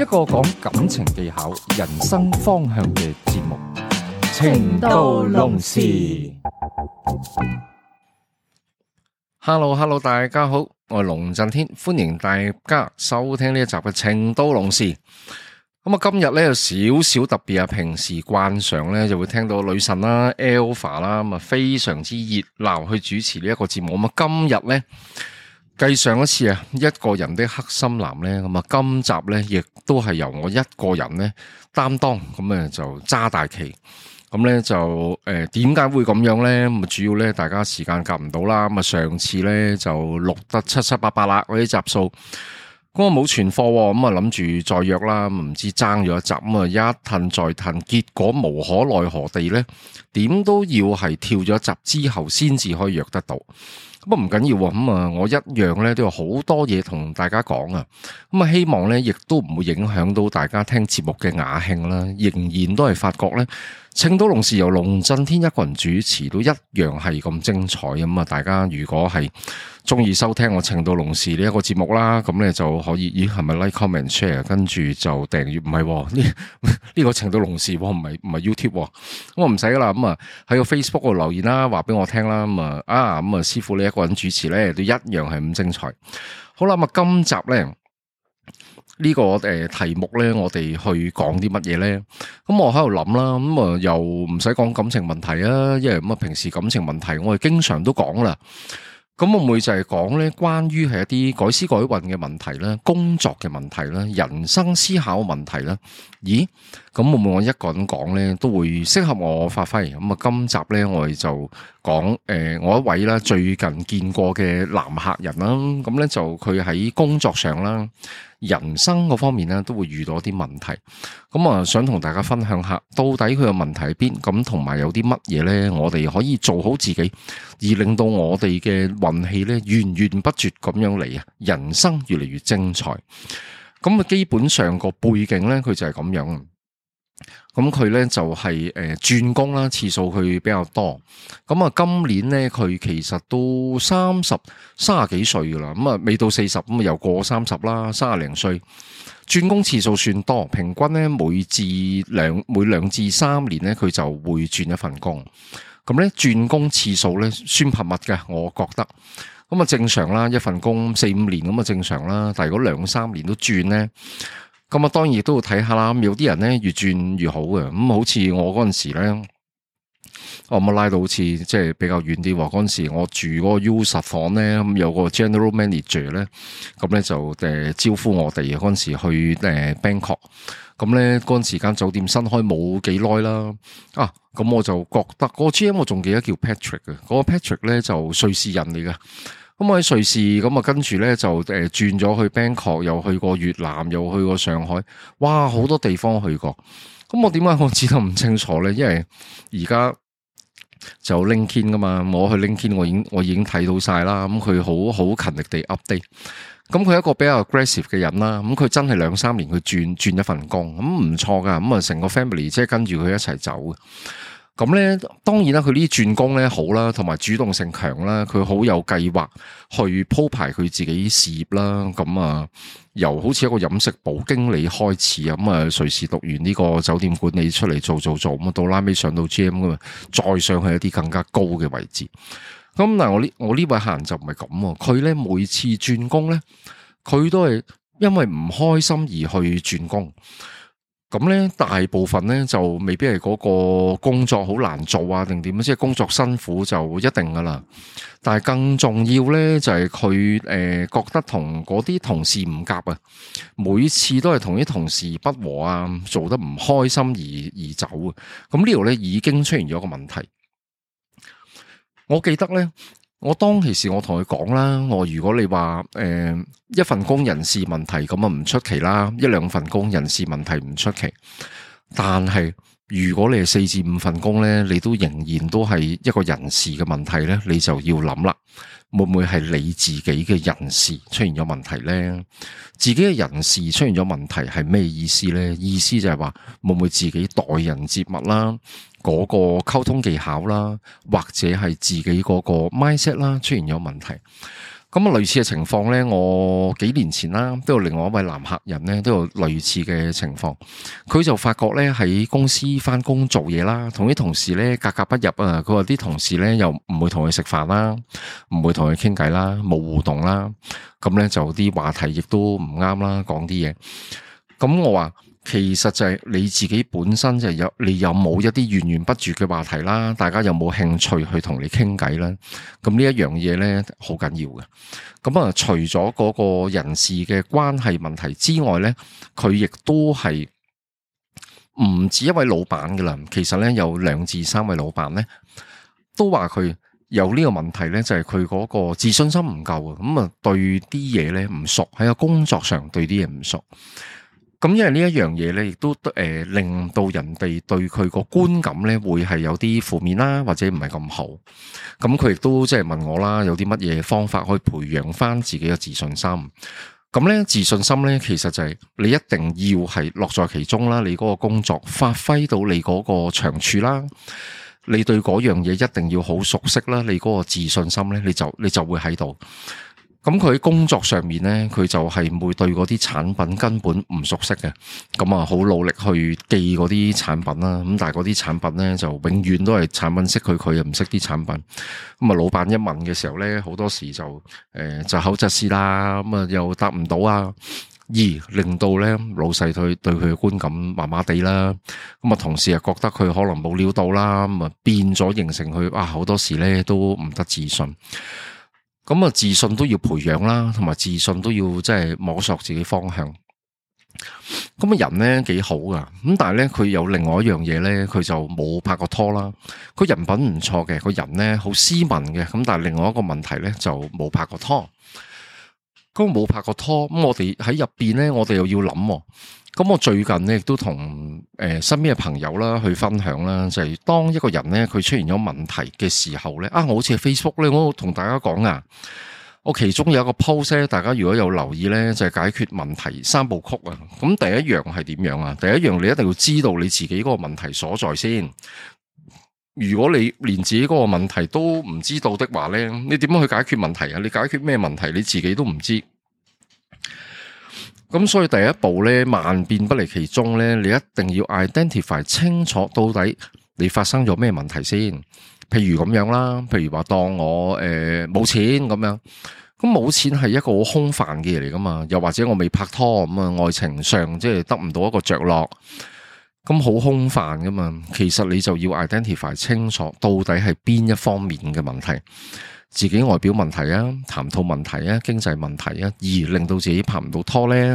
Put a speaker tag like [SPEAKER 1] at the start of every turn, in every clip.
[SPEAKER 1] 一個講感情技巧、人生方向嘅節目，青龍《情都濃事》。Hello，Hello，大家好，我係龍震天，歡迎大家收聽呢一集嘅《情都濃事》。咁啊，今日咧有少少特別啊，平時慣常咧就會聽到女神啦、Alpha 啦咁啊，非常之熱鬧去主持呢一個節目。咁啊，今日咧。繼上一次啊，一個人的黑心男咧，咁啊，今集咧亦都係由我一個人咧擔當，咁、嗯、啊就揸大旗，咁、嗯、咧就誒，點、呃、解會咁樣咧？咁啊，主要咧，大家時間夾唔到啦，咁啊，上次咧就錄得七七八八啦嗰啲集數，咁我冇存貨，咁啊諗住再約啦，唔知爭咗一集，咁啊一褪再褪，結果無可奈何地咧，點都要係跳咗一集之後，先至可以約得到。咁啊唔緊要喎，咁啊我一樣咧都有好多嘢同大家講啊，咁啊希望咧亦都唔會影響到大家聽節目嘅雅興啦，仍然都係發覺咧。青島龍事由龍震天一個人主持都一樣係咁精彩咁啊！大家如果係中意收聽我青島龍事呢一個節目啦，咁咧就可以咦係咪 like comment share 跟住就訂閱？唔係呢呢個青島龍事我唔係唔係 YouTube，我、哦、唔使噶啦咁啊喺個 Facebook 度留言啦，話俾我聽啦，咁啊啊咁啊師傅你一個人主持咧都一樣係咁精彩。好啦咁啊，今集咧。呢個誒題目咧，我哋去講啲乜嘢咧？咁我喺度諗啦，咁啊又唔使講感情問題啊，因為咁啊，平時感情問題我哋經常都講啦。咁會唔會就係講咧？關於係一啲改思改運嘅問題咧，工作嘅問題咧，人生思考嘅問題咧？咦，咁會唔會我一個人講咧都會適合我發揮？咁啊，今集咧我哋就講誒，我一位啦最近見過嘅男客人啦，咁咧就佢喺工作上啦、人生嗰方面咧都會遇到啲問題。咁啊，我想同大家分享下到底佢嘅問題喺邊？咁同埋有啲乜嘢咧？我哋可以做好自己，而令到我哋嘅運氣咧源源不絕咁樣嚟啊！人生越嚟越精彩。咁啊，基本上個背景咧，佢就係咁樣。咁佢咧就係誒轉工啦，次數佢比較多。咁啊，今年咧佢其實都三十三十幾歲噶啦。咁啊，未到四十，咁啊又過三十啦，三十零歲。轉工次數算多，平均咧每至兩每兩至三年咧，佢就會轉一份工。咁咧轉工次數咧算頻密嘅，我覺得。咁啊，正常啦，一份工四五年咁啊，正常啦。但係如果兩三年都轉咧，咁啊，當然都要睇下啦。有啲人咧越轉越好嘅。咁好似我嗰陣時咧，我、嗯、冇拉到好，好似即係比較遠啲喎。嗰時我住嗰個 USA 房咧，有個 General Manager 咧，咁咧就誒招呼我哋。嗰陣時去誒 Bangkok，咁咧嗰陣時間酒店新開冇幾耐啦。啊，咁我就覺得、嗰個 GM 我仲記得叫 Patrick 嘅 Pat，嗰個 Patrick 咧就瑞士人嚟嘅。咁我喺瑞士，咁啊跟住咧就誒轉咗去 Bangkok，又去過越南，又去過上海，哇好多地方去過。咁我點解我知得咁清楚咧？因為而家就 LinkedIn 噶嘛，我去 LinkedIn，我已我已經睇到晒啦。咁佢好好勤力地 update，咁佢係一個比較 aggressive 嘅人啦。咁佢真係兩三年佢轉轉一份工，咁唔錯噶。咁啊成個 family 即係跟住佢一齊走。咁咧，當然啦，佢呢啲轉工咧好啦，同埋主動性強啦，佢好有計劃去鋪排佢自己事業啦。咁啊，由好似一個飲食部經理開始啊，咁啊，瑞士讀完呢個酒店管理出嚟，做做做，咁啊，到拉尾上到 GM 噶嘛，再上去一啲更加高嘅位置。咁嗱，我呢我呢位客人就唔係咁喎，佢咧每次轉工咧，佢都係因為唔開心而去轉工。咁咧，大部分咧就未必係嗰個工作好難做啊，定點樣即係工作辛苦就一定噶啦。但係更重要咧，就係佢誒覺得同嗰啲同事唔夾啊，每次都係同啲同事不和啊，做得唔開心而而走啊。咁呢度咧已經出現咗個問題，我記得咧。我當其時我同佢講啦，我如果你話誒、呃、一份工人事問題咁啊唔出奇啦，一兩份工人事問題唔出奇，但係。如果你係四至五份工呢，你都仍然都係一個人事嘅問題呢，你就要諗啦，會唔會係你自己嘅人事出現咗問題呢？自己嘅人事出現咗問題係咩意思呢？意思就係話會唔會自己待人接物啦，嗰個溝通技巧啦，或者係自己嗰個 mindset 啦，出現咗問題。咁啊，類似嘅情況咧，我幾年前啦，都有另外一位男客人咧，都有類似嘅情況。佢就發覺咧，喺公司返工做嘢啦，同啲同事咧格格不入啊。佢話啲同事咧又唔會同佢食飯啦，唔會同佢傾偈啦，冇互動啦。咁咧就啲話題亦都唔啱啦，講啲嘢。咁我話。其實就係你自己本身就有，你有冇一啲源源不絕嘅話題啦？大家有冇興趣去同你傾偈咧？咁呢一樣嘢咧，好緊要嘅。咁、嗯、啊，除咗嗰個人事嘅關係問題之外咧，佢亦都係唔止一位老闆噶啦。其實咧，有兩至三位老闆咧，都話佢有呢個問題咧，就係佢嗰個自信心唔夠啊。咁啊，對啲嘢咧唔熟，喺個工作上對啲嘢唔熟。咁因為呢一樣嘢咧，亦都誒令到人哋對佢個觀感咧，會係有啲負面啦，或者唔係咁好。咁佢亦都即係問我啦，有啲乜嘢方法可以培養翻自己嘅自信心？咁咧自信心咧，其實就係你一定要係樂在其中啦，你嗰個工作發揮到你嗰個長處啦，你對嗰樣嘢一定要好熟悉啦，你嗰個自信心咧，你就你就會喺度。咁佢工作上面咧，佢就係會對嗰啲產品根本唔熟悉嘅，咁啊好努力去記嗰啲產品啦。咁但係嗰啲產品咧，就永遠都係產品識佢，佢又唔識啲產品。咁、呃、啊，老闆一問嘅、啊、時候咧，好多時就誒就口窒舌啦，咁啊又答唔到啊，而令到咧老細對對佢嘅觀感麻麻地啦。咁啊，同事又覺得佢可能冇料到啦，咁啊變咗形成佢啊好多時咧都唔得自信。咁啊，自信都要培養啦，同埋自信都要即係摸索自己方向。咁啊，人咧幾好噶，咁但係咧佢有另外一樣嘢咧，佢就冇拍過拖啦。佢人品唔錯嘅，個人咧好斯文嘅，咁但係另外一個問題咧就冇拍過拖。咁冇拍過拖，咁我哋喺入邊咧，我哋又要諗哦。咁我最近咧亦都同誒身邊嘅朋友啦去分享啦，就係當一個人咧佢出現咗問題嘅時候咧，啊，我好似喺 Facebook 咧，我同大家講啊，我其中有一個 post 咧，大家如果有留意咧，就係解決問題三部曲啊。咁第一樣係點樣啊？第一樣你一定要知道你自己嗰個問題所在先。如果你連自己個問題都唔知道的話咧，你點樣去解決問題啊？你解決咩問題你自己都唔知。咁所以第一步咧，萬變不離其宗咧，你一定要 identify 清楚到底你發生咗咩問題先。譬如咁樣啦，譬如話當我誒冇錢咁樣，咁冇錢係一個好空泛嘅嘢嚟噶嘛？又或者我未拍拖咁啊，愛情上即係得唔到一個着落。咁好空泛噶嘛？其實你就要 identify 清楚到底係邊一方面嘅問題，自己外表問題啊，談吐問題啊，經濟問題啊，而令到自己拍唔到拖咧，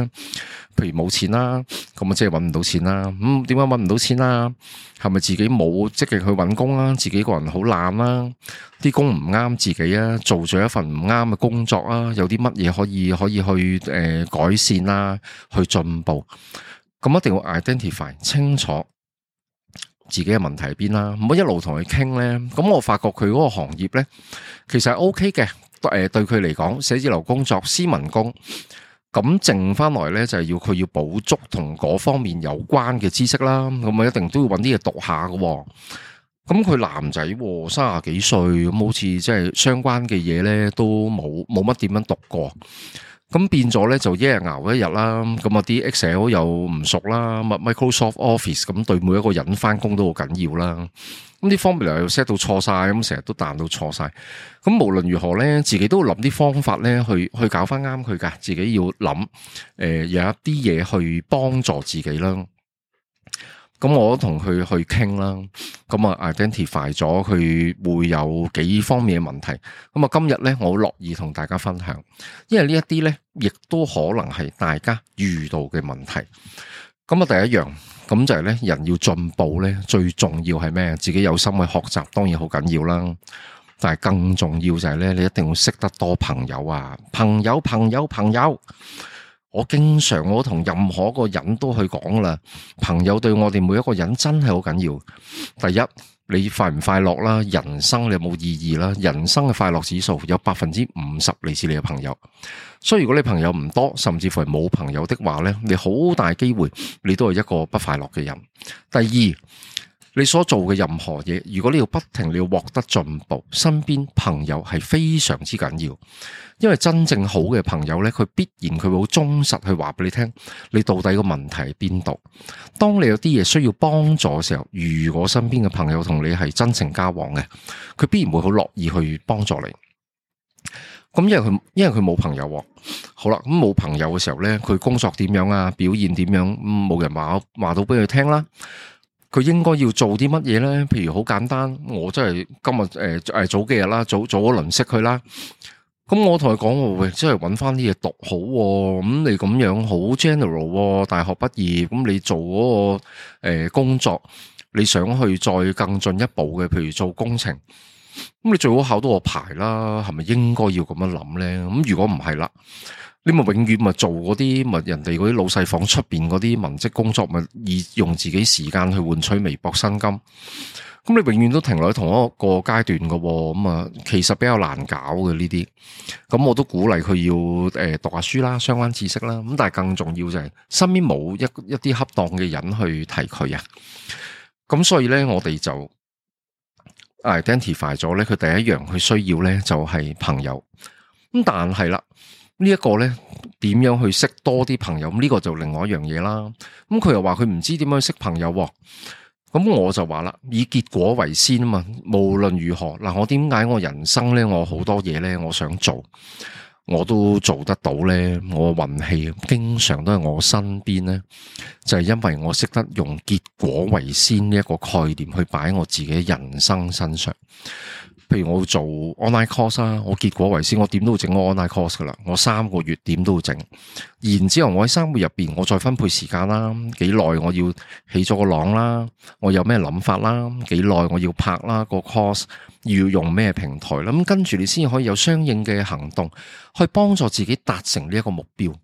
[SPEAKER 1] 譬如冇錢啦、啊，咁啊即係搵唔到錢啦、啊。咁點解搵唔到錢啦、啊？係咪自己冇積極去搵工啦、啊？自己個人好懶啦，啲工唔啱自己啊，做咗一份唔啱嘅工作啊，有啲乜嘢可以可以去誒、呃、改善啦、啊，去進步。咁一定要 identify 清楚自己嘅問題喺邊啦，唔好一路同佢傾咧。咁我發覺佢嗰個行業咧，其實 OK 嘅，誒對佢嚟講寫字樓工作、斯文工，咁剩翻來咧就係要佢要補足同嗰方面有關嘅知識啦。咁啊一定都要揾啲嘢讀下嘅。咁佢男仔三十幾歲，咁好似即係相關嘅嘢咧，都冇冇乜點樣讀過。咁變咗咧就一日熬一日啦。咁啊啲 Excel 又唔熟啦，Microsoft Office 咁對每一個人翻工都好緊要啦。咁啲 formula 又 set 到錯晒，咁成日都彈到錯晒。咁無論如何咧，自己都要諗啲方法咧去去搞翻啱佢噶。自己要諗誒、呃，有一啲嘢去幫助自己啦。咁我同佢去傾啦，咁啊 identify 咗佢會有幾方面嘅問題，咁啊今日咧我好樂意同大家分享，因為呢一啲咧亦都可能係大家遇到嘅問題。咁啊第一樣，咁就係咧人要進步咧，最重要係咩？自己有心去學習當然好緊要啦，但係更重要就係咧，你一定要識得多朋友啊！朋友，朋友，朋友。我經常我同任何一個人都去講啦，朋友對我哋每一個人真係好緊要。第一，你快唔快樂啦，人生你有冇意義啦，人生嘅快樂指數有百分之五十嚟自你嘅朋友。所以如果你朋友唔多，甚至乎係冇朋友的話呢，你好大機會你都係一個不快樂嘅人。第二。你所做嘅任何嘢，如果你要不停你要獲得進步，身邊朋友係非常之緊要，因為真正好嘅朋友呢，佢必然佢會好忠實去話俾你聽，你到底個問題喺邊度？當你有啲嘢需要幫助嘅時候，如果身邊嘅朋友同你係真情交往嘅，佢必然會好樂意去幫助你。咁因為佢因為佢冇朋友啊，好啦，咁冇朋友嘅時候呢，佢工作點樣啊？表現點樣？冇人話話到俾佢聽啦。佢應該要做啲乜嘢咧？譬如好簡單，我真係今日誒誒早幾日啦，早早嗰輪識佢啦。咁我同佢講：我真係揾翻啲嘢讀好喎。咁你咁樣好 general，啊，大學畢業咁你做嗰、嗰個、呃、工作，你想去再更進一步嘅，譬如做工程，咁你最好考到個牌啦。係咪應該要咁樣諗咧？咁如果唔係啦，你咪永遠咪做嗰啲咪人哋嗰啲老細房出邊嗰啲文職工作，咪以用自己時間去換取微薄薪金。咁你永遠都停留喺同一個階段嘅喎。咁啊，其實比較難搞嘅呢啲。咁我都鼓勵佢要誒讀下書啦，相關知識啦。咁但係更重要就係身邊冇一一啲恰當嘅人去提佢啊。咁所以咧，我哋就 identify 咗咧，佢第一樣佢需要咧就係朋友。咁但係啦。呢一個咧，點樣去識多啲朋友？呢、這個就另外一樣嘢啦。咁佢又話佢唔知點樣去識朋友，哦。咁、嗯、我就話啦，以結果為先啊嘛。無論如何，嗱，我點解我人生咧，我好多嘢咧，我想做，我都做得到咧。我嘅運氣經常都係我身邊咧，就係、是、因為我識得用結果為先呢一個概念去擺我自己人生身上。譬如我做 online course 啦，我結果為先，我點都要整個 online course 噶啦，我三個月點都要整，然之後我喺三個月入邊，我再分配時間啦，幾耐我要起咗個網啦，我有咩諗法啦，幾耐我要拍啦個 course，要用咩平台啦，咁跟住你先可以有相應嘅行動，去幫助自己達成呢一個目標。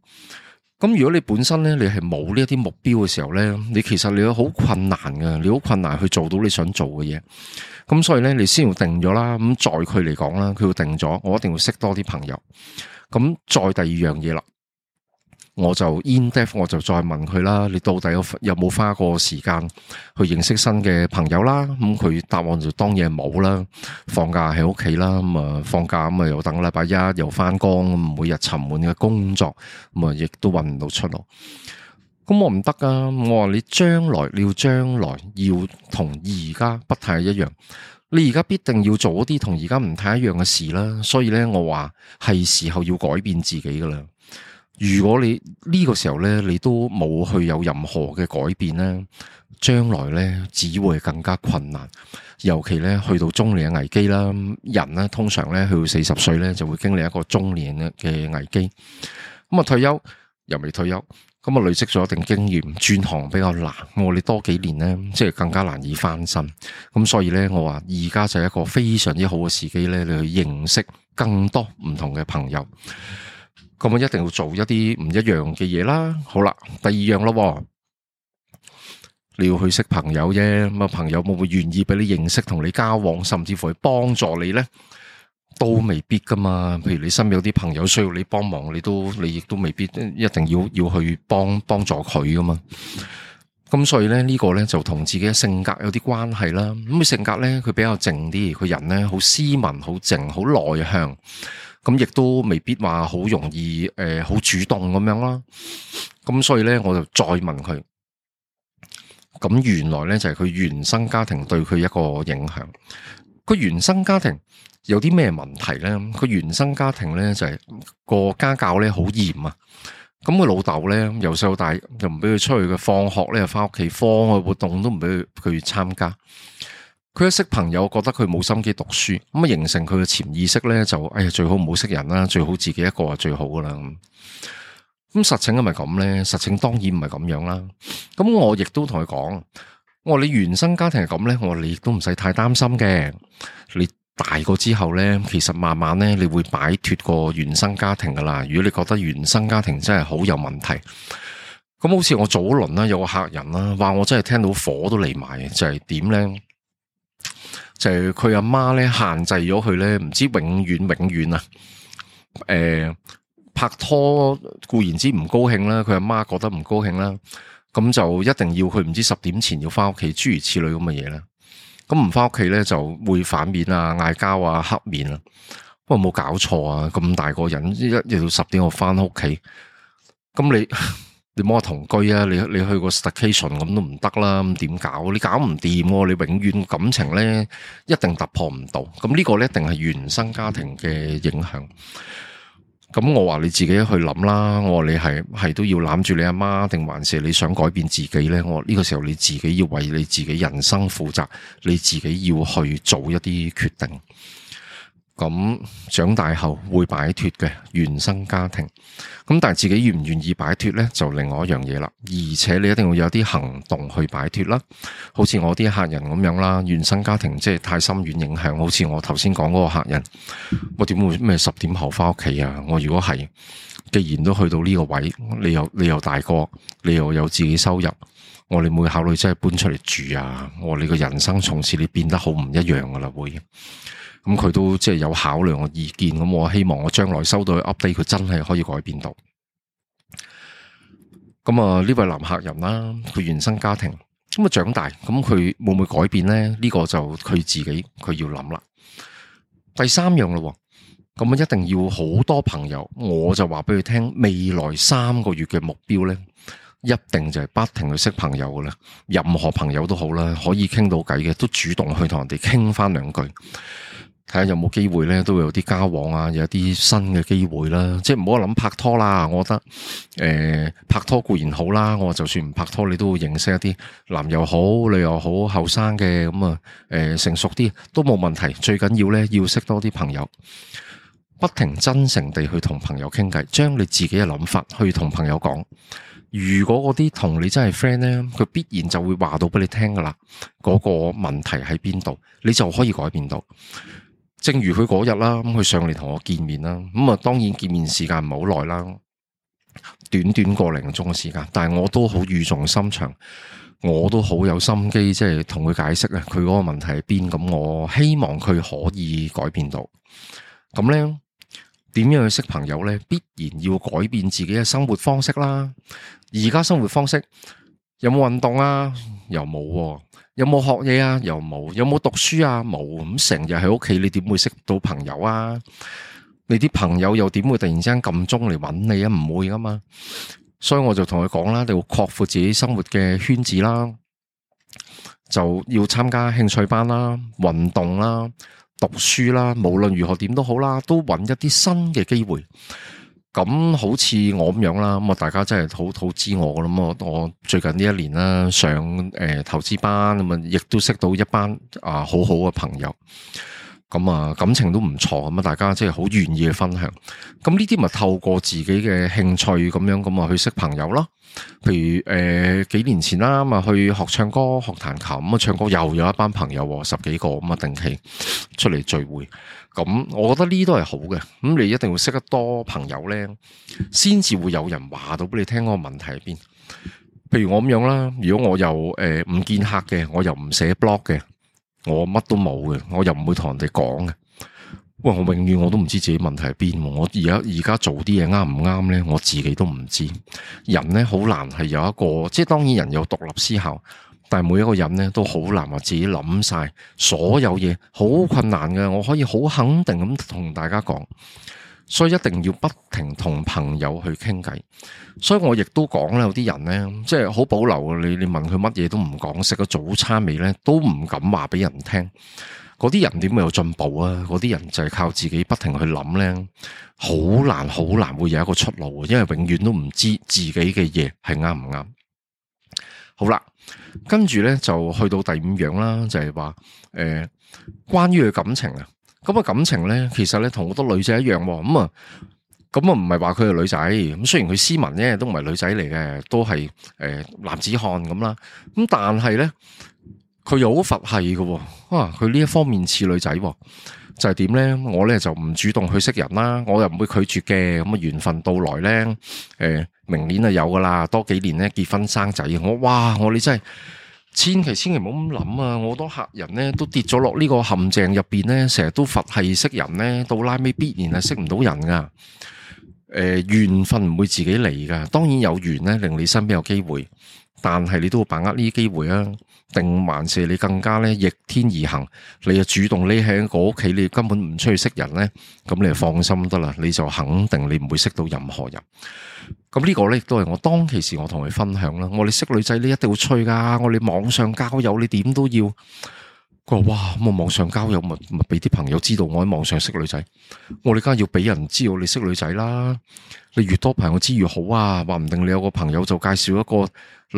[SPEAKER 1] 咁如果你本身咧，你係冇呢一啲目標嘅時候咧，你其實你好困難嘅，你好困難去做到你想做嘅嘢。咁所以咧，你先要定咗啦。咁在佢嚟講啦，佢要定咗，我一定要識多啲朋友。咁再第二樣嘢啦，我就 in depth，我就再問佢啦。你到底有有冇花過時間去認識新嘅朋友啦？咁佢答案就當然冇啦。放假喺屋企啦，咁啊放假咁啊又等禮拜一又翻工，咁每日沉悶嘅工作，咁啊亦都揾唔到出路。咁我唔得㗎！我話你將來，你要將來要同而家不太一樣。你而家必定要做啲同而家唔太一樣嘅事啦。所以咧，我話係時候要改變自己噶啦。如果你呢個時候咧，你都冇去有任何嘅改變咧，將來咧只會更加困難。尤其咧去到中年嘅危機啦，人咧通常咧去到四十歲咧就會經歷一個中年嘅嘅危機。咁啊，退休又未退休。咁啊，累積咗一定經驗，轉行比較難。我哋多幾年呢，即係更加難以翻身。咁所以呢，我話而家就係一個非常之好嘅時機呢，你去認識更多唔同嘅朋友。咁我一定要做一啲唔一樣嘅嘢啦。好啦，第二樣啦，你要去識朋友啫。咁啊，朋友會唔會願意俾你認識、同你交往，甚至乎去幫助你呢？都未必噶嘛，譬如你身邊有啲朋友需要你幫忙，你都你亦都未必一定要要去幫幫助佢噶嘛。咁所以咧呢、呢個咧就同自己嘅性格有啲關係啦。咁、佢、性格咧佢比較靜啲，佢人咧好斯文、好靜、好內向，咁亦都未必話好容易誒，好、呃、主動咁樣啦。咁所以咧，我就再問佢，咁原來咧就係、係、佢原生家庭對佢一個影響。佢原生家庭有啲咩問題咧？佢原生家庭咧就係個家教咧好嚴啊，咁佢老豆咧由細到大又唔俾佢出去嘅，放學咧又翻屋企，課外活動都唔俾佢去參加。佢一識朋友，覺得佢冇心機讀書，咁啊形成佢嘅潛意識咧就，哎呀最好唔好識人啦，最好自己一個係最好噶啦。咁，咁實情係咪咁咧？實情當然唔係咁樣啦。咁我亦都同佢講。我話你原生家庭係咁咧，我話你都唔使太擔心嘅。你大個之後咧，其實慢慢咧，你會擺脫個原生家庭噶啦。如果你覺得原生家庭真係好有問題，咁好似我早輪啦，有個客人啦，話我真係聽到火都嚟埋，就係點咧？就係佢阿媽咧限制咗佢咧，唔知永遠永遠啊！誒、呃，拍拖固然之唔高興啦，佢阿媽覺得唔高興啦。咁就一定要佢唔知十點前要翻屋企，諸如此類咁嘅嘢啦。咁唔翻屋企咧，就會反面啊，嗌交啊，黑面啊。不過冇搞錯啊，咁大個人一日到十點我翻屋企，咁你你冇話同居啊，你你去個 staycation 咁都唔得、啊、啦，咁點搞？你搞唔掂喎，你永遠感情咧一定突破唔到。咁呢個咧，一定係原生家庭嘅影響。咁我話你自己去諗啦，我話你係係都要攬住你阿媽，媽，定還是你想改變自己呢？我呢個時候，你自己要為你自己人生負責，你自己要去做一啲決定。咁長大後會擺脫嘅原生家庭，咁但係自己願唔願意擺脫呢？就另外一樣嘢啦。而且你一定要有啲行動去擺脫啦。好似我啲客人咁樣啦，原生家庭即係太深遠影響。好似我頭先講嗰個客人，我點會咩十點後翻屋企啊？我如果係，既然都去到呢個位，你又你又大個，你又有自己收入，我哋唔會考慮即係搬出嚟住啊！我話你個人生從此你變得好唔一樣噶啦，會。咁佢都即係有考量嘅意見，咁我希望我將來收到 update，佢真係可以改變到。咁啊，呢位男客人啦，佢原生家庭，咁啊長大，咁佢會唔會改變咧？呢個就佢自己佢要諗啦。第三樣啦，咁啊一定要好多朋友，我就話俾佢聽，未來三個月嘅目標咧，一定就係不停去識朋友噶啦，任何朋友都好啦，可以傾到偈嘅，都主動去同人哋傾翻兩句。睇下有冇機會咧，都會有啲交往啊，有啲新嘅機會啦。即係唔好諗拍拖啦。我覺得，誒、呃，拍拖固然好啦。我就算唔拍拖，你都會認識一啲男又好，女又好，後生嘅咁啊。誒、呃，成熟啲都冇問題。最緊要咧，要識多啲朋友，不停真誠地去同朋友傾偈，將你自己嘅諗法去同朋友講。如果嗰啲同你真係 friend 咧，佢必然就會話到俾你聽㗎喇。嗰個問題喺邊度，你就可以改變到。正如佢嗰日啦，咁佢上嚟同我見面啦，咁啊當然見面時間唔係好耐啦，短短個零鐘嘅時間，但係我都好語重心長，我都好有心機，即係同佢解釋咧，佢嗰個問題係邊，咁我希望佢可以改變到。咁咧，點樣去識朋友咧？必然要改變自己嘅生活方式啦。而家生活方式有冇運動啊？又冇啊。有冇學嘢啊？又冇。有冇讀書啊？冇。咁成日喺屋企，你點會識到朋友啊？你啲朋友又點會突然之間撳鐘嚟搵你啊？唔會噶嘛。所以我就同佢講啦，你要擴闊自己生活嘅圈子啦，就要參加興趣班啦、運動啦、讀書啦。無論如何點都好啦，都搵一啲新嘅機會。咁好似我咁樣啦，咁啊大家真係好好知我咁啊！我最近呢一年啦，上誒、呃、投資班咁啊，亦都識到一班啊好好嘅朋友，咁啊感情都唔錯，咁啊大家真係好願意嘅分享。咁呢啲咪透過自己嘅興趣咁樣咁啊去識朋友咯。譬如誒、呃，幾年前啦，咁啊去學唱歌，學彈琴，咁啊唱歌又有一班朋友，十幾個咁啊定期出嚟聚會，咁我覺得呢都係好嘅。咁你一定要識得多朋友咧，先至會有人話到俾你聽個問題喺邊。譬如我咁樣啦，如果我又誒唔、呃、見客嘅，我又唔寫 blog 嘅，我乜都冇嘅，我又唔會同人哋講嘅。喂，我永遠我都唔知自己問題喺邊。我而家而家做啲嘢啱唔啱呢？我自己都唔知。人呢好難係有一個，即係當然人有獨立思考，但係每一個人呢都好難話自己諗晒所有嘢，好困難嘅。我可以好肯定咁同大家講，所以一定要不停同朋友去傾偈。所以我亦都講咧，有啲人呢，即係好保留。你你問佢乜嘢都唔講，食個早餐未呢，都唔敢話俾人聽。嗰啲人點會有進步啊？嗰啲人就係靠自己不停去諗咧，好難好難會有一個出路，因為永遠都唔知自己嘅嘢係啱唔啱。好啦，跟住咧就去到第五樣啦，就係話誒，關於佢感情啊。咁、這、啊、個、感情咧，其實咧同好多女仔一樣、哦，咁啊咁啊唔係話佢係女仔。咁雖然佢斯文咧，都唔係女仔嚟嘅，都係誒、呃、男子漢咁啦。咁但係咧。佢又好佛系噶，哦，啊！佢呢一方面似女仔，哦，就係點咧？我咧就唔主動去識人啦，我又唔會拒絕嘅。咁啊，緣分到來咧，誒、呃，明年就有噶啦，多幾年咧結婚生仔。我哇！我你真係千祈千祈唔好咁諗啊！我好多客人咧都跌咗落呢個陷阱入邊咧，成日都佛系識人咧，到拉尾必然係識唔到人噶。誒、呃，緣分唔會自己嚟噶，當然有緣咧令你身邊有機會，但係你都會把握呢啲機會啊！定萬事，還是你更加咧逆天而行，你又主動匿喺嗰屋企，你根本唔出去識人咧，咁你放心得啦，你就肯定你唔會識到任何人。咁呢個咧亦都係我當其時我同佢分享啦。我哋識女仔，你一定要吹㗎。我哋網上交友，你點都要。佢話哇，咁我網上交友咪咪俾啲朋友知道我喺網上識女仔，我哋梗係要俾人知道你識女仔啦。你越多朋友知越好啊，話唔定你有個朋友就介紹一個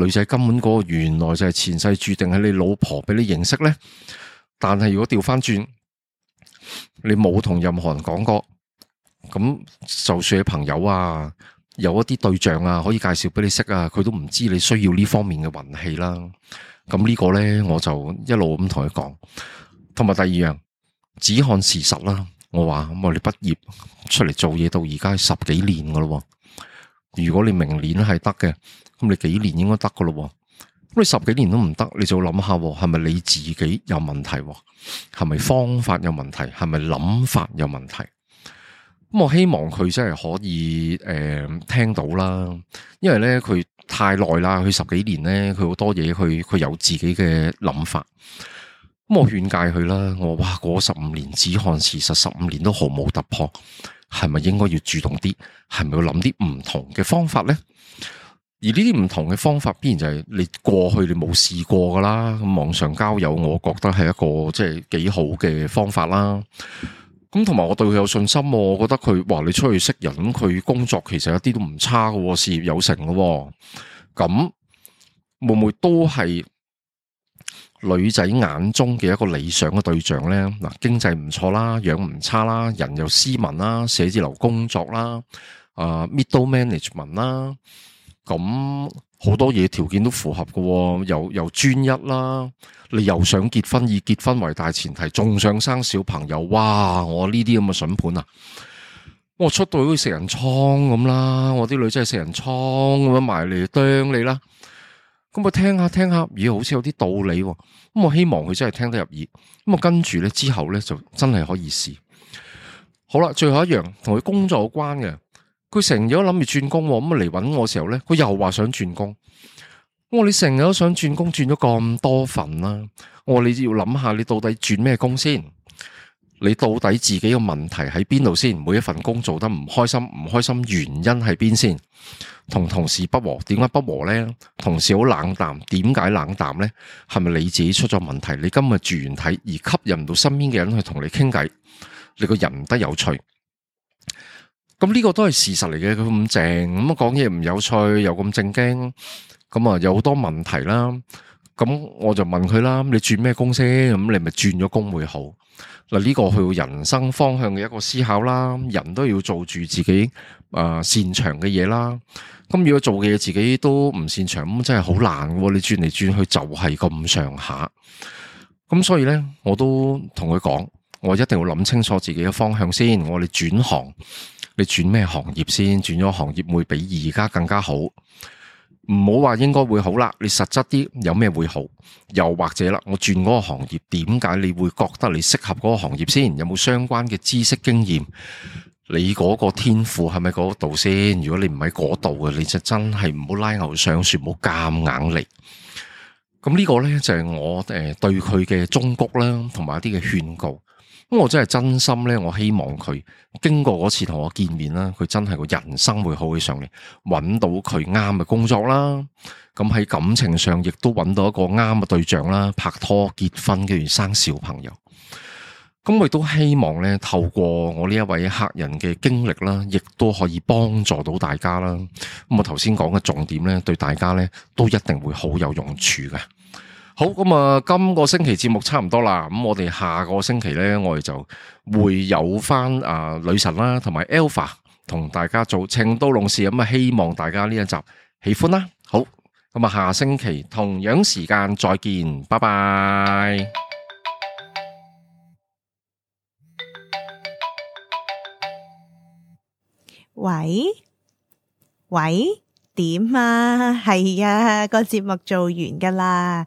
[SPEAKER 1] 女仔，根本嗰個原來就係前世注定係你老婆俾你認識咧。但係如果調翻轉，你冇同任何人講過，咁就算係朋友啊，有一啲對象啊可以介紹俾你識啊，佢都唔知你需要呢方面嘅運氣啦。咁呢個咧，我就一路咁同佢講，同埋第二樣，只看事實啦。我話咁，我哋畢業出嚟做嘢到而家十幾年噶咯。如果你明年係得嘅，咁你幾年應該得噶咯。咁你十幾年都唔得，你就諗下，係咪你自己有問題？係咪方法有問題？係咪諗法有問題？咁我希望佢真係可以誒、呃、聽到啦，因為咧佢太耐啦，佢十幾年咧，佢好多嘢，佢佢有自己嘅諗法。咁我勸誡佢啦，我話，哇，過十五年只看事實，十五年都毫無突破，係咪應該要主動啲？係咪要諗啲唔同嘅方法咧？而呢啲唔同嘅方法，必然就係你過去你冇試過噶啦。網上交友，我覺得係一個即係幾好嘅方法啦。咁同埋我對佢有信心，我覺得佢，哇！你出去識人，佢工作其實一啲都唔差嘅，事業有成咯。咁會唔會都係女仔眼中嘅一個理想嘅對象咧？嗱，經濟唔錯啦，樣唔差啦，人又斯文啦，寫字樓工作啦，啊，middle management 啦，咁。好多嘢條件都符合嘅，哦，又又專一啦，你又想結婚以結婚為大前提，仲想生小朋友，哇！我呢啲咁嘅筍盤啊，我出到好似食人倉咁啦，我啲女真係食人倉咁樣埋嚟啄你啦。咁、嗯、我聽下聽下，咦，好似有啲道理喎、哦。咁、嗯、我希望佢真係聽得入耳。咁、嗯、我跟住咧之後咧就真係可以試。好啦，最後一樣同佢工作有關嘅。佢成日都諗住轉工，咁啊嚟揾我嘅時候咧，佢又話想轉工。我話，你成日都想轉工，轉咗咁多份啦，啊。我話你要諗下，你到底轉咩工先？你到底自己個問題喺邊度先？每一份工做得唔開心，唔開心原因係邊先？同同事不和，點解不和咧？同事好冷淡，點解冷淡咧？係咪你自己出咗問題？你今日住完體而吸引唔到身邊嘅人去同你傾偈，你個人得有趣。咁呢個都係事實嚟嘅，佢咁正咁講嘢唔有趣，又咁正經，咁啊有好多問題啦。咁我就問佢啦，你轉咩工先？咁你咪轉咗工會好嗱？呢、這個去人生方向嘅一個思考啦，人都要做住自己誒、呃、擅長嘅嘢啦。咁如果做嘅嘢自己都唔擅長，咁真係好難嘅。你轉嚟轉去就係咁上下。咁所以咧，我都同佢講，我一定要諗清楚自己嘅方向先。我哋轉行。你轉咩行業先？轉咗行業會比而家更加好？唔好話應該會好啦。你實質啲有咩會好？又或者啦，我轉嗰個行業，點解你會覺得你適合嗰個行業先？有冇相關嘅知識經驗？你嗰個天賦係咪嗰度先？如果你唔喺嗰度嘅，你就真係唔好拉牛上樹，唔好夾硬嚟。咁呢個呢，就係、是、我誒、對佢嘅忠告啦，同埋一啲嘅勸告。咁我真係真心咧，我希望佢經過嗰次同我見面啦，佢真係個人生會好起上嚟，揾到佢啱嘅工作啦，咁喺感情上亦都揾到一個啱嘅對象啦，拍拖結婚跟住生小朋友。咁我亦都希望咧，透過我呢一位客人嘅經歷啦，亦都可以幫助到大家啦。咁我頭先講嘅重點咧，對大家咧都一定會好有用處嘅。好咁啊！今個星期節目差唔多啦，咁我哋下個星期呢，我哋就會有返啊女神啦，同埋 Alpha 同大家做情到濃時，咁啊，希望大家呢一集喜歡啦。好，咁啊，下星期同樣時間再見，拜拜。喂喂，點啊？係啊，個節目做完噶啦。